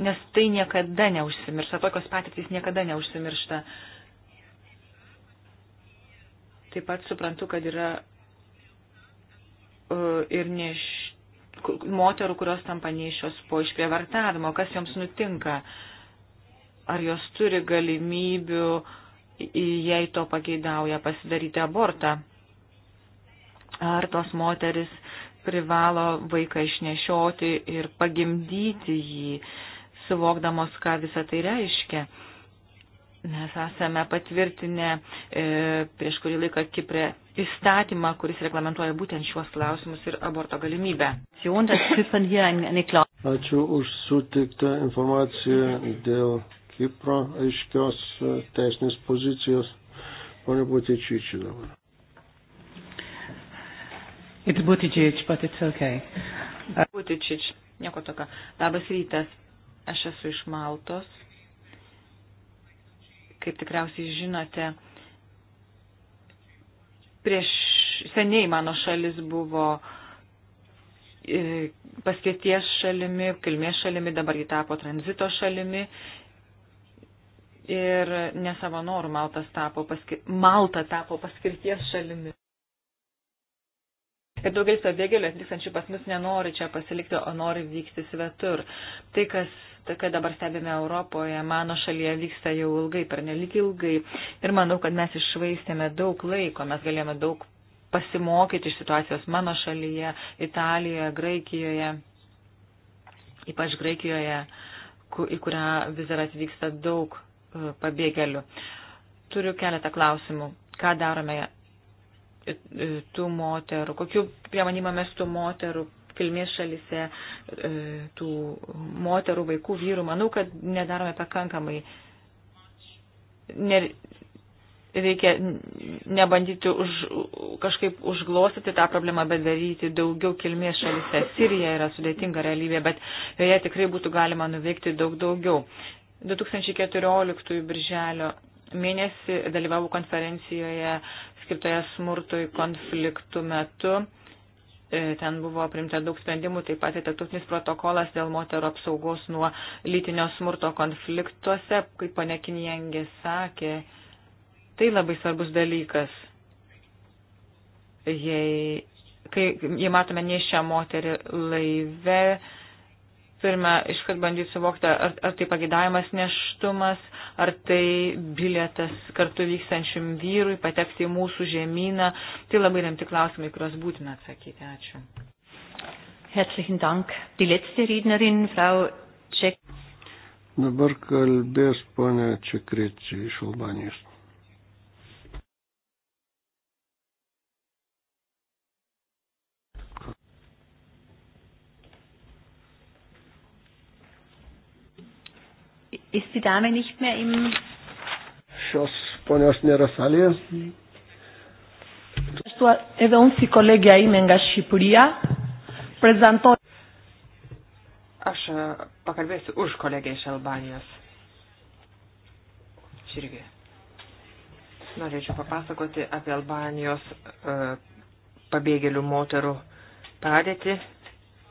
nes tai niekada neužsimiršta, tokios patirtys niekada neužsimiršta. Taip pat suprantu, kad yra uh, ir neš, moterų, kurios tampa neišios po išprievartavimo, kas joms nutinka, ar jos turi galimybių, jei to pageidauja, pasidaryti abortą, ar tos moteris privalo vaiką išnešioti ir pagimdyti jį, suvokdamos, ką visą tai reiškia. Mes esame patvirtinę e, prieš kurį laiką Kiprė įstatymą, kuris reglamentuoja būtent šiuos klausimus ir aborto galimybę.
Ačiū už sutiktą informaciją dėl Kipro aiškios teisinės pozicijos. Pone Būtėčičiu dabar.
It's Buttigieg, but it's okay. Uh, Buttigieg, nieko tokio. Labas rytas, aš esu iš Maltos. Kaip tikriausiai žinote, prieš seniai mano šalis buvo e, paskėties šalimi, kilmės šalimi, dabar jį tapo tranzito šalimi. Ir ne savo norų Maltas tapo paskir... Malta tapo paskirties šalimi kad daugelis pabėgėlių atvykstančių pas mus nenori čia pasilikti, o nori vykti svetur. Tai, kas tai, kad dabar stebime Europoje, mano šalyje vyksta jau ilgai, per nelik ilgai. Ir manau, kad mes išvaistėme daug laiko, mes galėjome daug pasimokyti iš situacijos mano šalyje, Italijoje, Graikijoje, ypač Graikijoje, į kurią vis dar atvyksta daug e, pabėgėlių. Turiu keletą klausimų. Ką darome tų moterų, kokiu priemonį mes tų moterų kilmės šalise, e, tų moterų, vaikų, vyrų. Manau, kad nedarome pakankamai. Ner reikia nebandyti už, kažkaip užglostyti tą problemą, bet daryti daugiau kilmės šalise. Sirija yra sudėtinga realybė, bet joje tikrai būtų galima nuveikti daug daugiau. 2014 birželio mėnesį dalyvavau konferencijoje skirtoje smurtui konfliktų metu. E, ten buvo primta daug sprendimų, taip pat ir tarptautinis protokolas dėl moterų apsaugos nuo lytinio smurto konfliktuose, kaip pane Kinijangė sakė. Tai labai svarbus dalykas. Jei, kai, jei matome neišę moterį laive, turime iškart bandyti suvokti, ar, ar tai pagidavimas neštumas, ar tai bilietas kartu vykstančiam vyrui patekti į mūsų žemyną. Tai labai rimti klausimai, kuriuos būtina atsakyti. Ačiū. Herzlichen Dank. Die letzte Rednerin, Frau
Ček. Dabar kalbės ponia Čekričiai iš Albanijos.
Ist die Dame nicht mehr im...
Šios ponios nėra salėje.
Edhe unë si kolegja ime nga Shqipëria prezantoj...
Aš
pakalbėsiu už kolegę iš Albanijos. Širgi. Norėčiau papasakoti apie Albanijos uh, pabėgėlių moterų padėtį.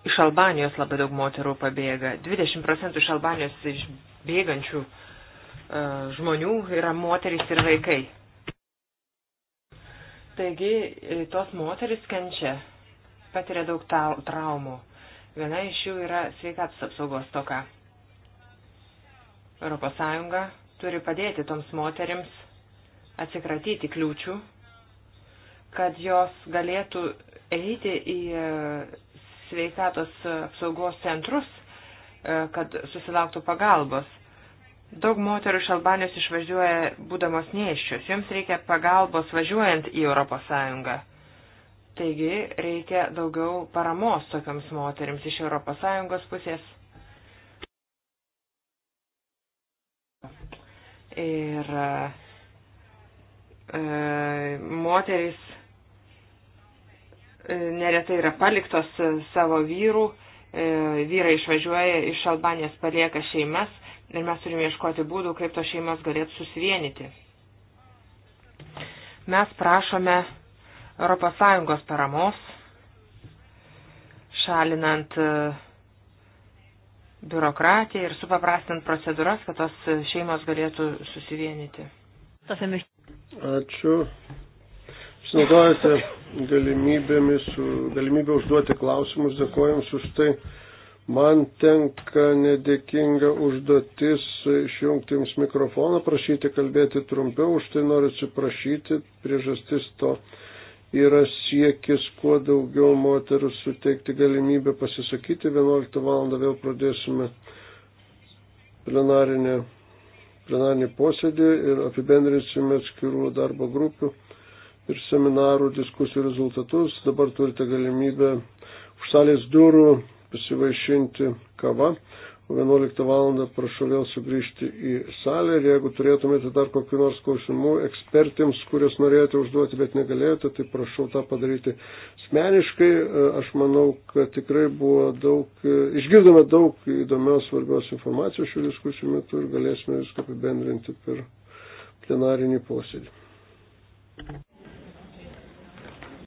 Iš Albanijos labai daug moterų pabėga. 20 procentų iš Albanijos iš bėgančių e, žmonių yra moterys ir vaikai. Taigi e, tos moteris kenčia, patiria daug traumų. Viena iš jų yra sveikatos apsaugos toka. Europos Sąjunga turi padėti toms moterims atsikratyti kliūčių, kad jos galėtų eiti į e, sveikatos apsaugos centrus E, kad susilauktų pagalbos. Daug moterų iš Albanijos išvažiuoja būdamos nėščios. Joms reikia pagalbos važiuojant į ES. Taigi reikia daugiau paramos tokiams moteriams iš ES pusės. Ir e, e moteris e, neretai yra paliktos savo vyrų E, vyrai išvažiuoja iš Albanijos, palieka šeimas ir mes turime ieškoti būdų, kaip to šeimas galėtų susivienyti. Mes prašome ES paramos, šalinant e, biurokratiją ir supaprastinant procedūras, kad tos šeimos galėtų susivienyti.
Ačiū pasinaudojate galimybėmis, galimybę užduoti klausimus, dėkoju Jums už tai. Man tenka nedėkinga užduotis išjungti Jums mikrofoną, prašyti kalbėti trumpiau, už tai noriu atsiprašyti, priežastis to yra siekis kuo daugiau moterų suteikti galimybę pasisakyti. 11 val. vėl pradėsime plenarinį, plenarinį posėdį ir apibendrinsime atskirų darbo grupių ir seminarų diskusijų rezultatus. Dabar turite galimybę už salės durų pasivaišinti kava. O 11 val. prašau vėl sugrįžti į salę ir jeigu turėtumėte dar kokiu nors klausimų ekspertims, kuriuos norėjote užduoti, bet negalėjote, tai prašau tą padaryti asmeniškai. E, aš manau, kad tikrai buvo daug, e, išgirdome daug įdomios svarbios informacijos šių diskusijų metu ir galėsime viską apibendrinti per plenarinį posėdį.